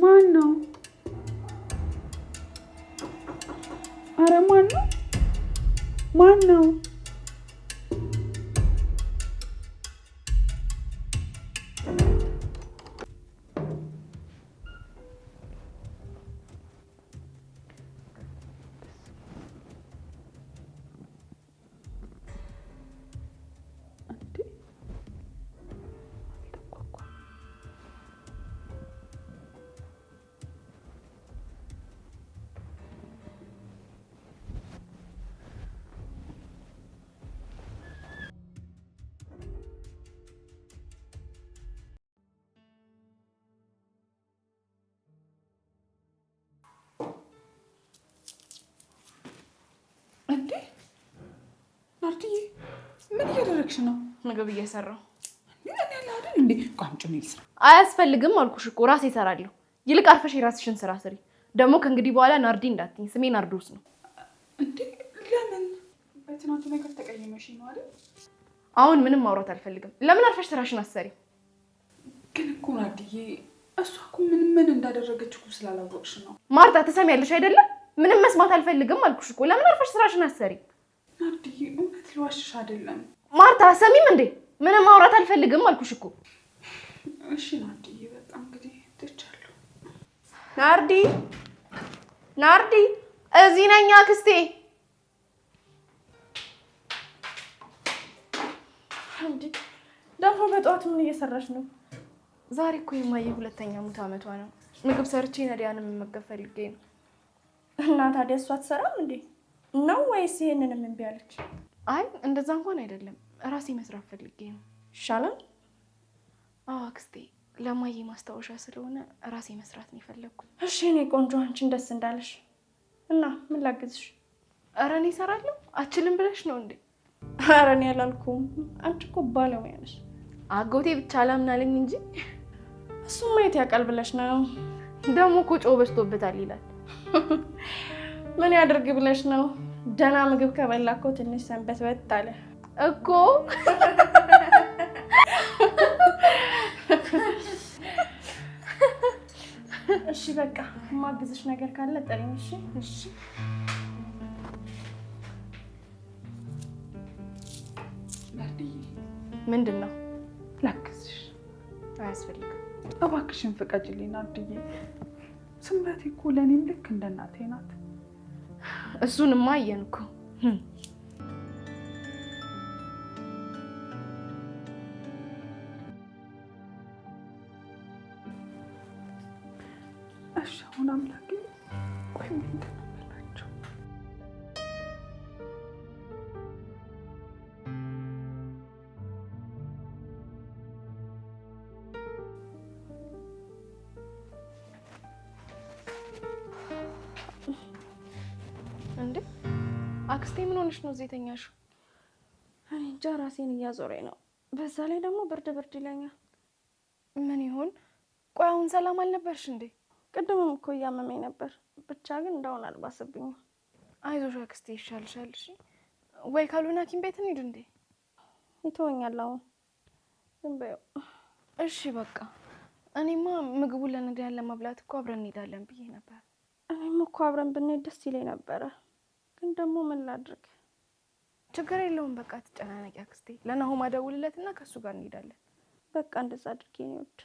ማን ነው? አረ ማን ነው? ማን ነው? ምን እያደረግሽ ነው? ምግብ እየሰራሁ። እንዴ ቋምጭ ነው ይልስራ። አያስፈልግም አልኩሽ እኮ ራሴ እሰራለሁ። ይልቅ አርፈሽ የራስሽን ስራ ስሪ። ደግሞ ከእንግዲህ በኋላ ናርዲ እንዳትኝ። ስሜ ናርዶስ ነው። እንዴ ለምን? በትናንቱ ነገር ተቀየመሽ ነው አይደል? አሁን ምንም ማውራት አልፈልግም። ለምን አርፈሽ ስራሽን አሰሪ። ግን እኮ ናርዲዬ፣ እሷ እኮ ምን ምን እንዳደረገች እኮ ስላላወቅሽ ነው። ማርታ ትሰሚያለሽ አይደለም? ምንም መስማት አልፈልግም አልኩሽ እኮ። ለምን አርፈሽ ስራሽን አሰሪ ናርዲዬ። እውነት ልዋሽሽ አይደለም ማርታ ሰሚም እንዴ ምንም ማውራት አልፈልግም አልኩሽ እኮ። እሺ ናርዲ፣ በቃ እንግዲህ ትቻለሁ። ናርዲ ናርዲ፣ እዚህ ነኝ አክስቴ። እንዴ ደግሞ በጠዋት ምን እየሰራሽ ነው? ዛሬ እኮ የማየ ሁለተኛ ሙት አመቷ ነው። ምግብ ሰርቼ ነዲያን የምመገብ ፈልጌ ነው። እና ታዲያ እሷ አትሰራም እንዴ ነው ወይስ ይሄንንም እምቢ አለች? አይ እንደዛ እንኳን አይደለም፣ ራሴ መስራት ፈልጌ ነው። ይሻላል። አዎ አክስቴ፣ ለማየ ማስታወሻ ስለሆነ ራሴ መስራት ነው የፈለግኩት። እሺ እኔ ቆንጆ፣ አንቺን ደስ እንዳለሽ እና ምን ላግዝሽ? ኧረ እኔ እሰራለሁ። አችልም ብለሽ ነው እንዴ? ኧረ እኔ አላልኩም። አንቺ እኮ ባለሙያ ነሽ። አጎቴ ብቻ አላምናለኝ እንጂ እሱም ማየት ያውቃል ብለሽ ነው። ደግሞ እኮ ጨው በዝቶበታል ይላል። ምን ያደርግ ብለሽ ነው ደህና ምግብ ከበላ እኮ ትንሽ ሰንበት በት አለ እኮ እሺ በቃ ማግዝሽ ነገር ካለ ጥሪኝ እሺ እሺ ምንድን ነው ላግዝሽ አያስፈልግም እባክሽን ፍቀጅልኝ ናድዬ ስምረቴ እኮ ለእኔም ልክ እንደ እናቴ ናት እሱንማ አየን እኮ። እሺ አሁን አምላኬ ቆይ እንዴ አክስቴ ምን ሆነሽ ነው እዚህ የተኛሽው? እንጃ ራሴን እያዞረኝ ነው። በዛ ላይ ደግሞ ብርድ ብርድ ይለኛል። ምን ይሆን? ቆይ አሁን ሰላም አልነበርሽ እንዴ? ቅድምም እኮ እያመመኝ ነበር። ብቻ ግን እንዳሁን አልባሰብኝም። አይዞሽ አክስቴ ይሻልሻል። እሺ ወይ ካልሆነ ሐኪም ቤት እንሂድ እንዴ? ይተወኛል አሁን ዝም በይው። እሺ በቃ እኔማ ምግቡ ለነዳያን ለመብላት እኮ አብረን እንሄዳለን ብዬ ነበር። እኔም እኮ አብረን ብንሄድ ደስ ይለኝ ነበረ። ግን ደግሞ ምን ላድርግ? ችግር የለውም በቃ ትጨናነቂ አክስቴ። ለናሆም አደውልለት እና ከእሱ ጋር እንሄዳለን። በቃ እንደዛ አድርጌ ይወድ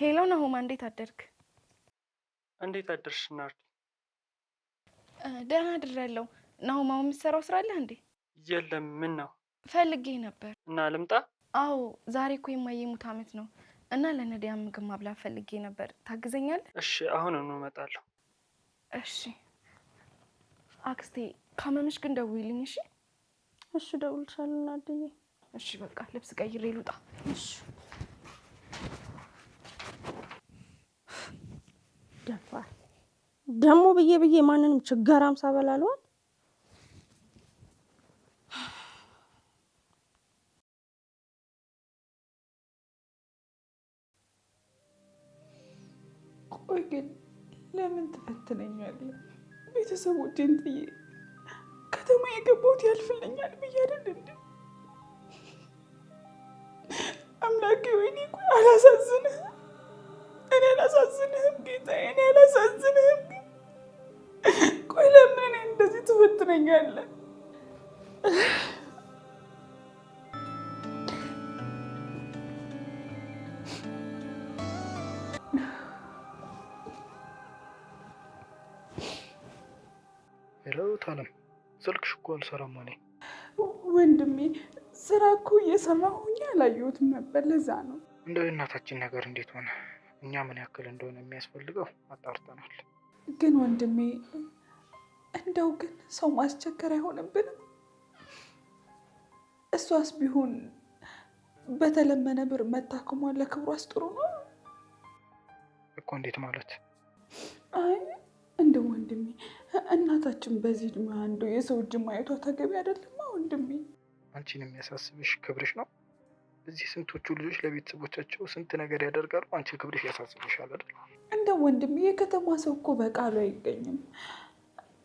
ሄሎ ናሆማ፣ እንዴት አደርግ? እንዴት አደርሽ ናርዲ? ደህና አድሬያለሁ። ናሆማ፣ የምትሰራው ስራ አለህ እንዴ? የለም። ምን ነው? ፈልጌ ነበር እና ልምጣ? አዎ ዛሬ እኮ የማየሙት አመት ነው እና ለነዲያ ምግብ ማብላት ፈልጌ ነበር። ታግዘኛል እሺ አክስቴ፣ ካመምሽ ግን ደውይልኝ። እሺ፣ እሺ፣ እደውልልሻለሁ ናድዬ። እሺ፣ በቃ ልብስ ቀይሬ ልውጣ። እሺ። ደፋር ደግሞ ብዬ ብዬ ማንንም ችጋራም ሳበላልዋል ለምን ትፈትነኛለህ? ቤተሰቦቼን ጥዬ ከተማ የገባሁት ያልፍልኛል ብዬ አይደል እንዴ? አምላኬ ወይኔ አላሳዝንህም። እኔ አላሳዝንህም ጌታ፣ እኔ አላሳዝንህም። ቆይ ለምን እኔ እንደዚህ ትፈትነኛለህ? ሄሎት አለም፣ ስልክሽ እኮ አልሰራም አለኝ። ወንድሜ ስራ እኮ እየሰራሁኝ አላየሁትም ነበር፣ ለዛ ነው። እንደው እናታችን ነገር እንዴት ሆነ? እኛ ምን ያክል እንደሆነ የሚያስፈልገው አጣርተናል። ግን ወንድሜ እንደው ግን ሰው ማስቸገር አይሆንብንም? እሷስ ቢሆን በተለመነ ብር መታከሟን ለክብሯስ ጥሩ ነው እኮ። እንዴት ማለት? አይ እንደ ወንድሜ እናታችን በዚህ ድማ አንዱ የሰው እጅ ማየቷ ተገቢ አይደለም ወንድሜ። አንቺን የሚያሳስብሽ ክብርሽ ነው። እዚህ ስንቶቹ ልጆች ለቤተሰቦቻቸው ስንት ነገር ያደርጋሉ። አንቺ ክብርሽ ያሳስብሻል አይደል? እንደ ወንድሜ የከተማ ሰው እኮ በቃሉ አይገኝም።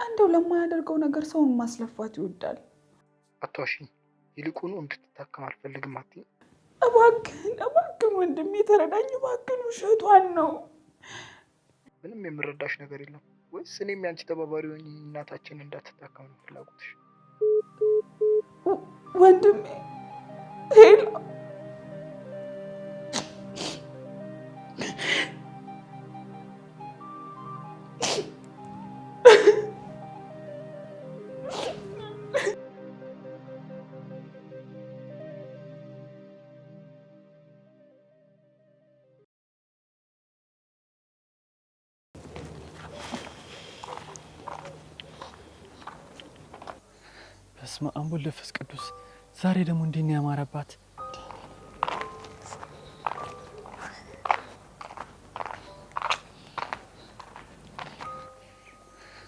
እንደው ለማያደርገው ነገር ሰውን ማስለፋት ይወዳል። አቷሽኝ ይልቁኑ እንድትታከም አልፈልግም አትይኝ። እባክን እባክን ወንድሜ ተረዳኝ። እባክህን ውሸቷን ነው። ምንም የምረዳሽ ነገር የለም። ወይስ እኔም ያንቺ ተባባሪ ሆኜ እናታችን እንዳትታከም ነው ፍላጎትሽ ወንድሜ? በስመ አብ ወወልድ ወመንፈስ ቅዱስ። ዛሬ ደግሞ እንዴት ነው ያማረባት!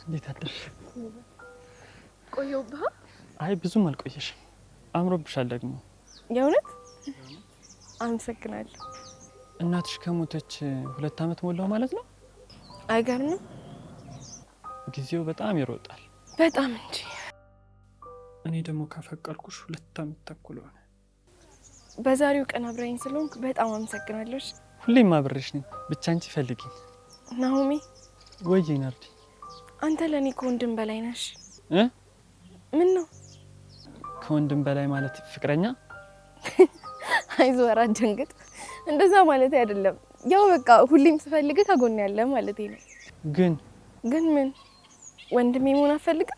እንዴት አደርሽ? ቆየሁብህ? አይ ብዙም አልቆየሽም። አምሮብሻል ደግሞ። የእውነት አመሰግናለሁ። እናትሽ ከሞተች ሁለት አመት ሞላው ማለት ነው። አይገርምም? ጊዜው በጣም ይሮጣል። በጣም እንጂ እኔ ደግሞ ካፈቀርኩሽ ሁለት ዓመት ተኩል ሆነ። በዛሬው ቀን አብረኝ ስለሆንክ በጣም አመሰግናለሽ። ሁሌም አብረሽ ነኝ። ብቻ አንቺ ፈልጊ ናሆሚ። ወይ ናርዲ፣ አንተ ለእኔ ከወንድም በላይ ነሽ። ምን ነው ከወንድም በላይ ማለት ፍቅረኛ? አይዞ ራ ደንግጥ፣ እንደዛ ማለት አይደለም። ያው በቃ ሁሌም ስፈልግ ከጎን ያለ ማለት ነው። ግን ግን ምን ወንድሜ መሆን አፈልግም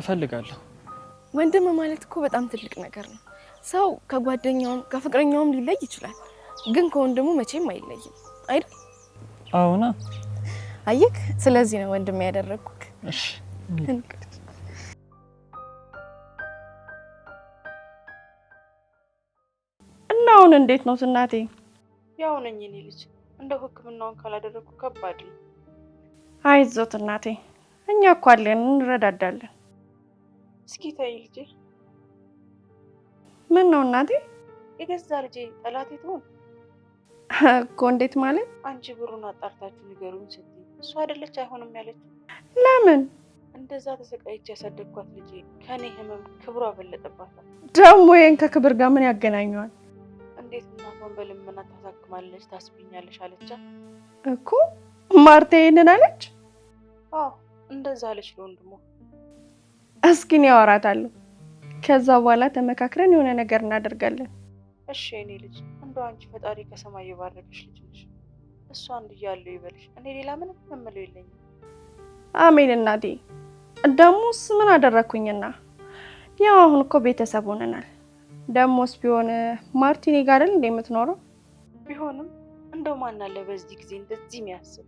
እፈልጋለሁ ወንድም ማለት እኮ በጣም ትልቅ ነገር ነው። ሰው ከጓደኛውም ከፍቅረኛውም ሊለይ ይችላል፣ ግን ከወንድሙ መቼም አይለይም አይደል? አሁና አየክ፣ ስለዚህ ነው ወንድም ያደረግኩክ። እና አሁን እንዴት ነው እናቴ? ያው ነኝ እኔ ልጅ፣ እንደው ህክምናውን ካላደረግኩ ከባድ ነው። አይዞት እናቴ፣ እኛ እኮ አለን፣ እንረዳዳለን። እስኪ ተይ ልጄ። ምን ነው እናቴ? የገዛ ልጄ ጠላቴ ትሆን እኮ። እንዴት ማለት? አንቺ ብሩን አጣርታችሁ ንገሩኝ ስትይ እሷ አይደለች አይሆንም ያለች ለምን? እንደዛ ተሰቃይቼ ያሳደግኳት ልጄ ከኔ ህመም ክብሯ በለጠባታል። ደግሞ ይሄን ከክብር ጋር ምን ያገናኘዋል? እንዴት እናቷን በልመና ታሳክማለች ታስብኛለች አለቻ እኮ ማርታ ይሄንን አለች። አዎ እንደዛ አለች ለወንድሟ እስኪ እኔ አወራታለሁ። ከዛ በኋላ ተመካክረን የሆነ ነገር እናደርጋለን። እሺ እኔ ልጅ እንደው አንቺ ፈጣሪ ከሰማይ የባረከሽ ልጅ ነሽ። እሷ አንድ እያለሁ ይበልሽ። እኔ ሌላ ምንም የምለው የለኝም። አሜን እናቴ። ደሞስ ምን አደረግኩኝና? ያው አሁን እኮ ቤተሰብ ሆነናል። ደሞስ ቢሆን ማርቲኔ ጋር እንደ የምትኖረው ቢሆንም እንደው ማን አለ በዚህ ጊዜ እንደዚህ የሚያስብ።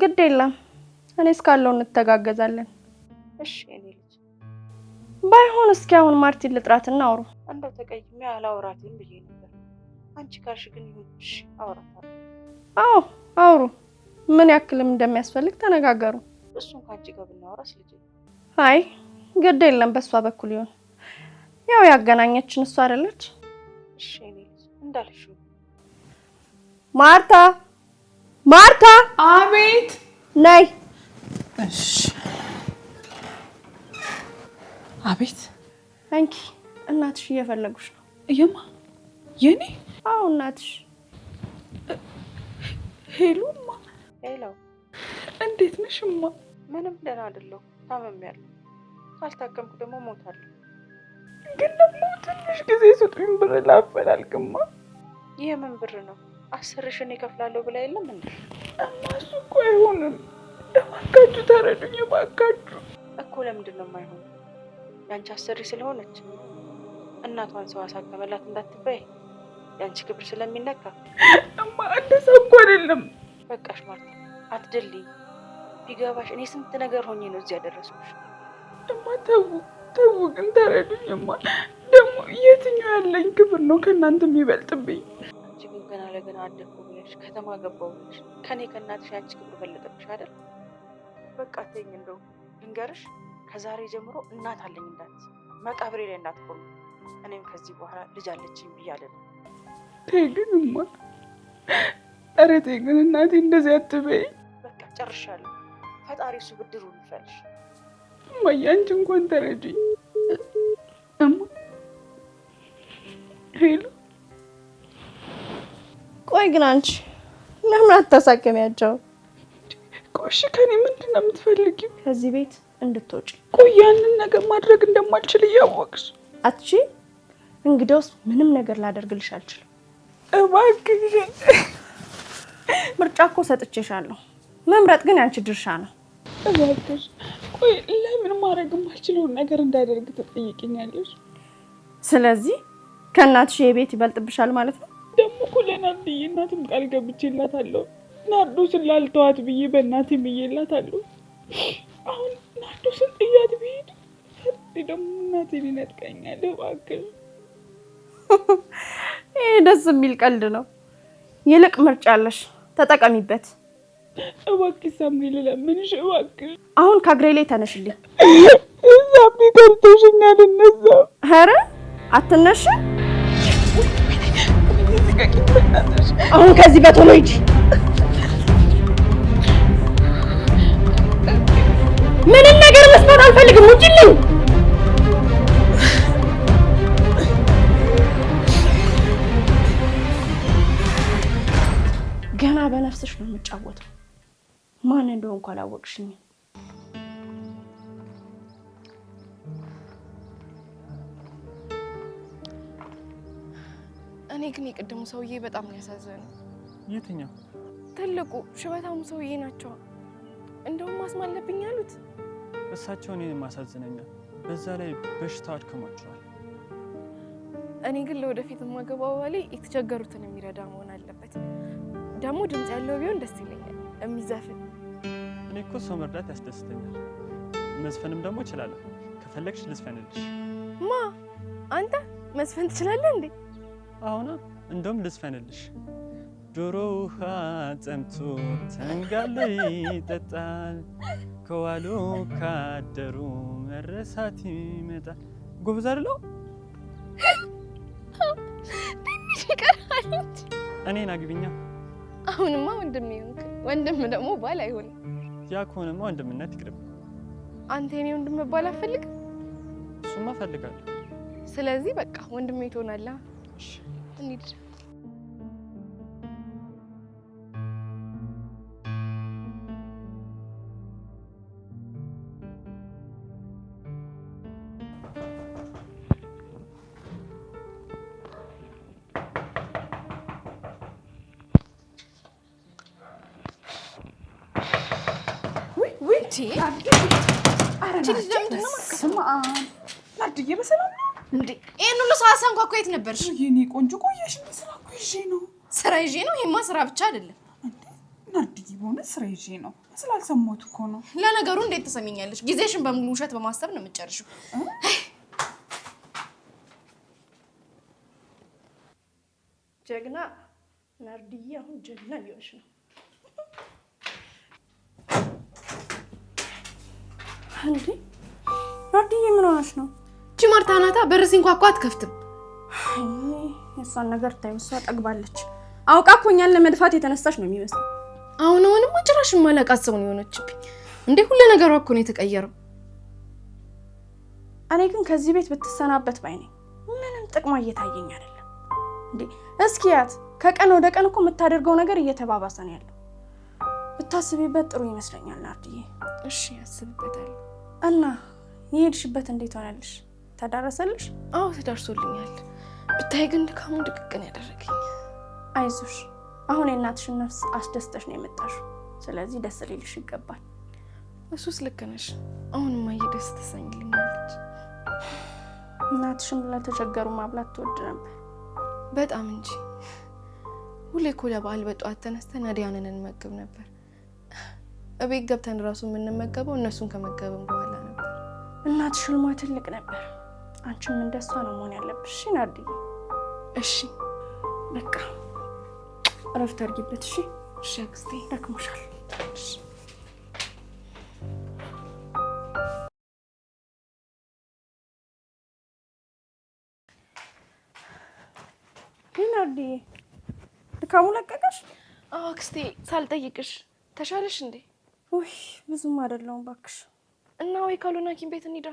ግድ የለም እኔ እስካለው እንተጋገዛለን። እሺ የኔ ልጅ። ባይሆን እስኪ አሁን ማርቲን ልጥራት እናውሩ። እንደው ተቀይሜ አላውራትም ብዬ ነበር። አንቺ ካልሽ ግን ይሁንሽ፣ አውራታለሁ። አዎ አውሩ። ምን ያክልም እንደሚያስፈልግ ተነጋገሩ። እሱን ከአንቺ ጋር ብናወራስ ልጅ? አይ ግድ የለም በእሷ በኩል ይሁን። ያው ያገናኘችን እሷ አይደለች። እሺ የኔ ልጅ እንዳልሽ። ማርታ ማርታ! አቤት! ነይ። እሺ አቤት። እንኪ እናትሽ እየፈለጉሽ ነው። የማ የኔ? አዎ እናትሽ። ሄሉማ ሄሎ፣ እንዴት እማ ምንም ደህና አይደለሁ፣ ታመሚያለሁ። ካልታከምኩ ደግሞ ሞታለሁ። ግን ደግሞ ትንሽ ጊዜ ስጡኝ፣ ብር ላፈላልግማ። ይህ ምን ብር ነው? አስር ሺህ እኔ እከፍላለሁ ብላ የለም እንዴ? እማ እሱ እኮ አይሆንም። እባካችሁ ተረዱኝ፣ እባካችሁ። እኮ ለምንድን ነው የማይሆን ያንቺ አሰሪ ስለሆነች እናቷን ሰው አሳከመላት እንዳትበይ፣ ያንቺ ክብር ስለሚነካ። እማ እንደዛ እኮ አይደለም። በቃሽ ማለት አትደልይ። ቢገባሽ እኔ ስንት ነገር ሆኜ ነው እዚህ ያደረስኩሽ። እማ ተው ተው፣ ግን ተረዱኝ። እማ ደግሞ የትኛው ያለኝ ክብር ነው ከእናንተ የሚበልጥብኝ? አንቺ ግን ገና ለገና አደግኩ ብለሽ ከተማ ገባሁ ብለሽ ከእኔ ከእናትሽ ያንቺ ክብር በለጠብሽ አይደል? በቃ ተይኝ፣ እንደው ልንገርሽ ከዛሬ ጀምሮ እናት አለኝ እንዳት መቃብሬ ላይ እናት ሆኑ። እኔም ከዚህ በኋላ ልጅ አለችኝ ብያለን። ተይ ግን እማ፣ ኧረ ተይ እናቴ እንደዚህ አትበይ። በቃ ጨርሻለሁ። ፈጣሪ እሱ ብድሩ ይፈልሽ። እማዬ አንቺ እንኳን ተረጅኝ። እማ ሄሎ፣ ቆይ ግን አንቺ ለምን አታሳከሚያቸው? ቆሽ ከኔ ከእኔ ምንድን ነው የምትፈልጊው ከዚህ ቤት? እንድትወጪ። ቆይ ያንን ነገር ማድረግ እንደማልችል እያወቅሽ አትቺ። እንግዲያውስ ምንም ነገር ላደርግልሽ አልችልም። እባክሽ ምርጫ እኮ ሰጥቼሻለሁ። መምረጥ ግን ያንቺ ድርሻ ነው። እባክሽ ቆይ ለምን ማድረግ የማልችለውን ነገር እንዳደርግ ትጠይቅኛለሽ? ስለዚህ ከእናትሽ የቤት ይበልጥብሻል ማለት ነው። ደግሞ እኮ ለናት ብዬ እናትም ቃል ገብቼላታለሁ። ናርዶስን ላልተዋት ብዬ በእናት ብዬላታለሁ አሁን ናርዶስን ጥያት ብሄድ ፈርድ ደግሞ እናቴን ይነጥቀኛል። እባክህ ይህ ደስ የሚል ቀልድ ነው። ይልቅ ምርጫ አለሽ፣ ተጠቀሚበት። እባክህ ሳሙኤል፣ ለምንሽ እባክህ አሁን ከእግሬ ላይ ተነሽልኝ። እዛም ይገርቶሽኛል። እነዛ ኧረ አትነሽ። አሁን ከዚህ በቶሎ ሂጂ። ምንም ነገር መስማት አልፈልግም። ውጭልኝ። ገና በነፍስሽ ነው የምጫወተው። ማን እንደሆንኩ አላወቅሽኝም። እኔ ግን የቅድሙ ሰውዬ በጣም ያሳዘነው። የትኛው? ትልቁ ሽበታሙ ሰውዬ ናቸው። እንደውም ማስማለብኝ አሉት። እሳቸው እኔንም አሳዝነኛል። በዛ ላይ በሽታ አድክሟቸዋል። እኔ ግን ለወደፊት የማገባው ባሌ የተቸገሩትን የሚረዳ መሆን አለበት። ደግሞ ድምፅ ያለው ቢሆን ደስ ይለኛል፣ የሚዘፍን። እኔ እኮ ሰው መርዳት ያስደስተኛል፣ መዝፈንም ደግሞ እችላለሁ። ከፈለግሽ ልዝፈንልሽ። ማ አንተ መዝፈን ትችላለህ እንዴ? አሁና እንደውም ልዝፈንልሽ ዶሮ ውሃ ጠምቶ ተንጋሎ ይጠጣል። ከዋሉ ካደሩ መረሳት ይመጣል። ጎበዝ አይደለው? ትንሽ ይቀራል። እኔን አግቢኛ። አሁንማ ወንድም ይሁንክ። ወንድም ደግሞ ባል አይሆንም። ያ ከሆነማ ወንድምነት ይቅርብ። አንተ የኔ ወንድም ባል አፈልግ እሱማ እፈልጋለሁ። ስለዚህ በቃ ወንድሜ ትሆናለህ። እንሂድ ናድዬ በሰላም እንዴ? ይሄን ሁሉ ሰዓት ሳንኳኳ የት ነበርሽ? የኔ ቆንጆ ቆየሽ። ስራ እኮ ይዤ ነው። ስራ ይዤ ነው? ይሄማ ስራ ብቻ አይደለም ናድዬ፣ በሆነ ስራ ይዤ ነው። ስላልሰማሁት እኮ ነው። ለነገሩ እንዴት ትሰሚኛለሽ? ጊዜሽን በሙሉ ውሸት በማሰብ ነው የምትጨርሺው። ጀግና ናርድዬ፣ አሁን ጀግና ነው። እንዴ ሮድዬ፣ ምን ሆነሽ ነው? እቺ ማርታ ናታ። በር ሲንኳኳ አትከፍትም። የእሷን ነገር ታዩ። እሷ ጠግባለች። አውቃ እኮ እኛን ለመድፋት የተነሳች ነው የሚመስለው። አሁን አሁንማ ጭራሽ የማላውቃት ሰው ነው የሆነችብኝ። እንዴ ሁሉ ነገሯ እኮ ነው የተቀየረው። እኔ ግን ከዚህ ቤት ብትሰናበት ባይ ነኝ። ምንም ጥቅሟ እየታየኝ አይደለም። እንዴ እስኪያት ከቀን ወደ ቀን እኮ የምታደርገው ነገር እየተባባሰ ነው ያለው። ብታስቢበት ጥሩ ይመስለኛል ናርድዬ። እሺ ያስብበታል። እና የሄድሽበት እንዴት ሆነልሽ? ተዳረሰልሽ? አዎ ተዳርሶልኛል። ብታይ ግን ድካሙ ድቅቅን ያደረገኝ። አይዞሽ፣ አሁን የእናትሽን ነፍስ አስደስተሽ ነው የመጣሽው። ስለዚህ ደስ ሊልሽ ይገባል። እሱስ ልክ ነሽ። አሁን ማየ ደስ ተሰኝልኛለች። እናትሽም ለተቸገሩ ማብላት ትወድ ነበር በጣም እንጂ። ሁሌ እኮ ለበዓል በጠዋት ተነስተን ነዳያንን እንመግብ ነበር። እቤት ገብተን እራሱ የምንመገበው እነሱን ከመገብን በኋላ ነበር። እናት ሕልሟ ትልቅ ነበር። አንቺም እንደሷ ነው መሆን ያለብሽ። እሺ ናርዲ፣ እሺ በቃ እረፍት አድርጊበት። እሺ፣ እሺ አክስቴ፣ ደክሞሻል። እሺ አክስቴ ደክሞሻል እሺ ድካሙ ለቀቀሽ? አዎ አክስቴ፣ ሳልጠይቅሽ ተሻለሽ እንዴ? ውይ ብዙም አይደለውም ባክሽ። እና ወይ ካልሆነ ሐኪም ቤት እንሂዳ።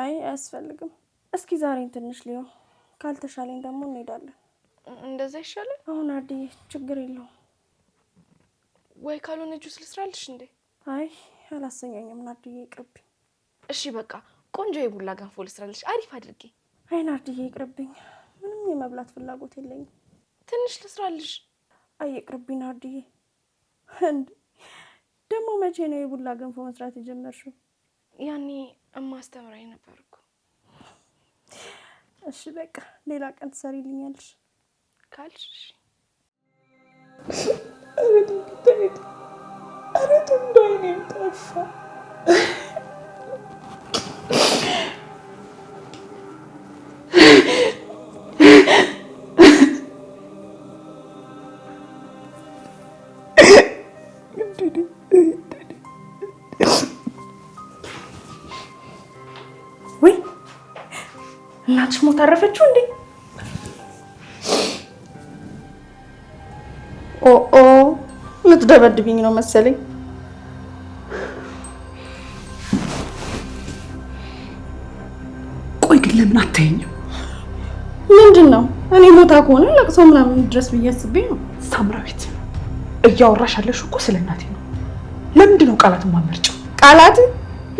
አይ አያስፈልግም። እስኪ ዛሬን ትንሽ ሊሆን ካልተሻለኝ ደግሞ እንሄዳለን። እንደዛ ይሻላል። አሁን አድዬ ችግር የለውም። ወይ ካልሆነ ጁስ ልስራልሽ እንዴ? አይ አላሰኛኝም ናድዬ፣ ይቅርብኝ። እሺ በቃ ቆንጆ የቡላ ገንፎ ልስራልሽ አሪፍ አድርጌ። አይ ናድዬ፣ ይቅርብኝ። ምንም የመብላት ፍላጎት የለኝም። ትንሽ ልስራልሽ። አይ ይቅርብኝ ናድዬ እንዴ ደግሞ መቼ ነው የቡላ ገንፎ መስራት የጀመርሽው? ያኔ እማስተምራኝ ነበርኩ። እሺ በቃ ሌላ ቀን ትሰሪልኛለሽ ካልሽ አረ እንዳይኔም ጠፋ ወይ እናትሽ ሞት አረፈችው እንዴ? ኦኦ ልትደበድብኝ ነው መሰለኝ። ቆይ ግን ለምን አታየኝም? ምንድን ነው እኔ ሞታ ከሆነ ለቅሶ ምናምን ድረስ ብዬ አስቤ ነው ሳምራዊት እያወራሽ ያለሽው እኮ ስለ እናቴ ነው። ለምንድን ነው ቃላት የማመርጨው? ቃላት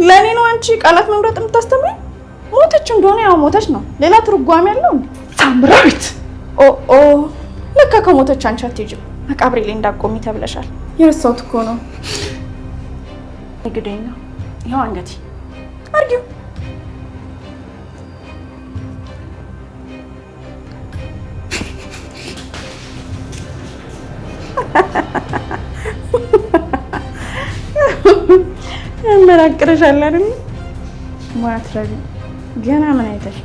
ለእኔ ነው አንቺ ቃላት መምረጥ የምታስተምረኝ? ሞተች እንደሆነ ያው ሞተች ነው። ሌላ ትርጓሜ ያለው ታምራዊት። ኦ ኦ ለካ ከሞተች አንቺ አትሄጂም። መቃብሬ ላይ እንዳቆሚ ተብለሻል። የረሳሁት እኮ ነው። ንግደኛ ይኸው አንገቴ አርጊው ያመራቅረሻል አይደል? ማትረቢ ገና ምን አይተሽ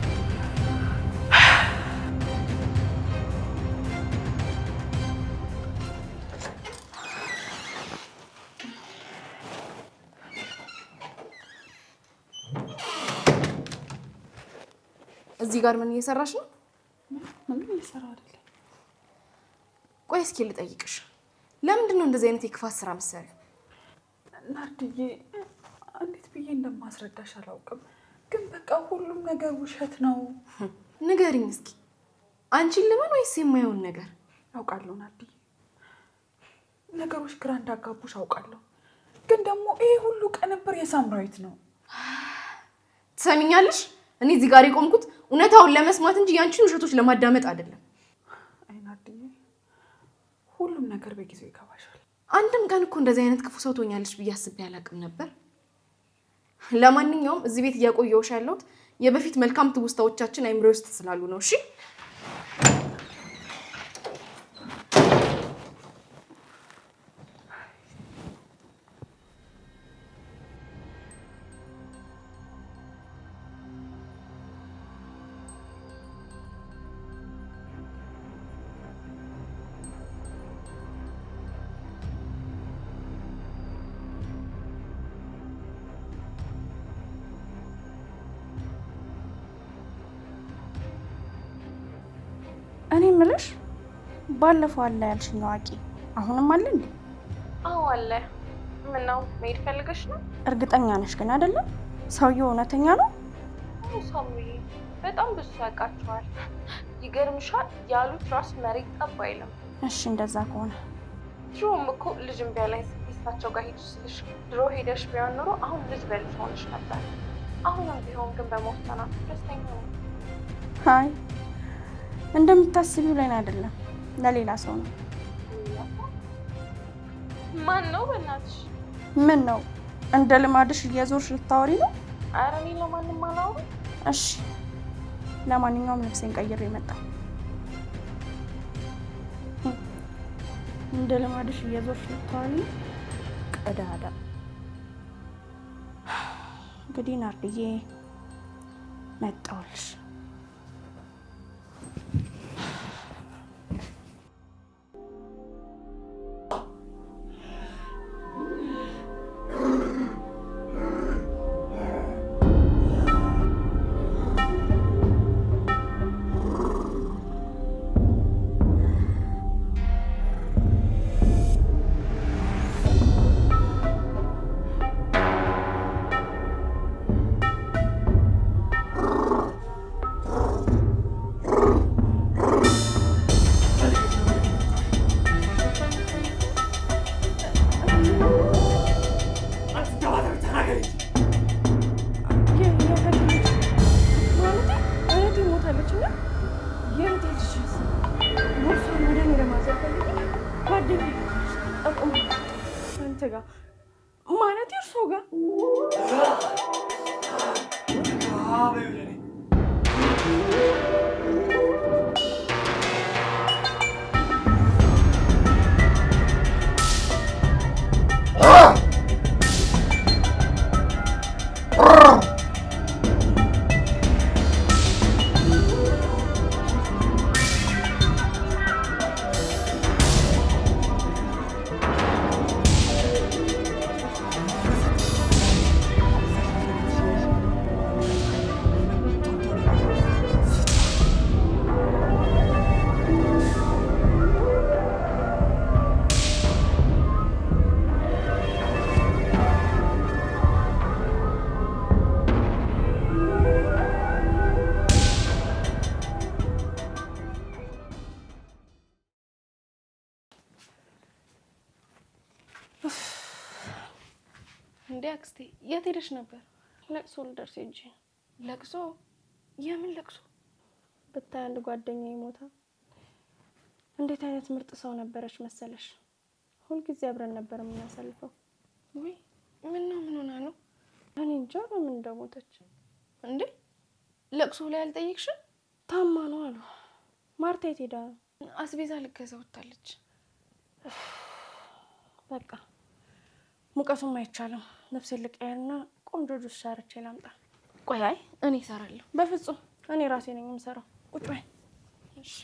እዚህ ጋር ምን እየሰራሽ ነው? ምን እየሰራ አይደል ቆይ እስኪ ልጠይቅሽ፣ ለምንድን ነው እንደዚህ አይነት የክፋት ስራ መሰሪ? ናርድዬ እንዴት ብዬ እንደማስረዳሽ አላውቅም፣ ግን በቃ ሁሉም ነገር ውሸት ነው። ንገሪኝ እስኪ አንቺን ለምን ወይስ የማየውን ነገር? አውቃለሁ ናርድዬ፣ ነገሮች ግራ እንዳጋቡሽ አውቃለሁ፣ ግን ደግሞ ይሄ ሁሉ ቅንብር የሳምራዊት ነው። ትሰሚኛለሽ? እኔ እዚህ ጋር የቆምኩት እውነታውን ለመስማት እንጂ ያንቺን ውሸቶች ለማዳመጥ አይደለም። ሁሉም ነገር በጊዜው ይገባሻል። አንድም ቀን እኮ እንደዚህ አይነት ክፉ ሰው ትሆኛለች ብዬ አስቤ አላውቅም ነበር። ለማንኛውም እዚህ ቤት እያቆየሁሽ ያለሁት የበፊት መልካም ትውስታዎቻችን አይምሮ ውስጥ ስላሉ ነው። እሺ እኔ ምልሽ ባለፈው አለ ያልሽኝ አዋቂ አሁንም አለ እንዴ? አዎ አለ። ነው መሄድ ፈልገሽ ነው? እርግጠኛ ነሽ ግን አይደለም? ሰውየው እውነተኛ ነው? ሰው በጣም ብዙ ያውቃቸዋል። ይገርምሻል፣ ያሉት ራስ መሬት ጠብ አይልም። እሺ እንደዛ ከሆነ ድሮም እኮ ልጅም ቢያላይ አለኝ ጋር ሂጂ ስልሽ ድሮ ሄደሽ ቢሆን ኖሮ አሁን ልጅ በልጅ ሆንሽ ነበር። አሁንም ቢሆን ግን በመወሰናት ደስተኛ ነው። አይ እንደምታስቢው ላይ አይደለም፣ ለሌላ ሰው ነው። ማን ነው? በእናትሽ ምን ነው እንደ ልማድሽ እየዞርሽ ልታወሪ ነው? ኧረ እኔ ለማንም አላወራም። እሺ፣ ለማንኛውም ልብሴን ቀይሬ መጣሁ። እንደ ልማድሽ እየዞርሽ ልታወሪ ነው? ቀዳዳ እንግዲህ ናርድዬ መጣሁልሽ። እንዴ አክስቴ የት ሄደሽ ነበር? ለቅሶ ልደርስ እንጂ። ለቅሶ? የምን ለቅሶ? ብታይ አንድ ጓደኛዬ ሞታ። እንዴት አይነት ምርጥ ሰው ነበረች መሰለሽ? ሁልጊዜ አብረን ነበር የምናሳልፈው። ወይ ምን ነው ምን ሆና ነው? እኔ እንጃ በምን እንደሞተች። እንዴ ለቅሶ ላይ አልጠየቅሽም? ታማ ነው አሉ። ማርታ የት ሄዳ ነው? አስቤዛ ልገዛ ወጣለች። በቃ ሙቀቱም አይቻልም። ነፍሴ ልቀየርና ቆንጆ ጁስ ሰርቼ ላምጣ። ቆይ አይ እኔ እሰራለሁ። በፍጹም እኔ ራሴ ነኝ የምሰራው። ቁጭ በይ እሺ።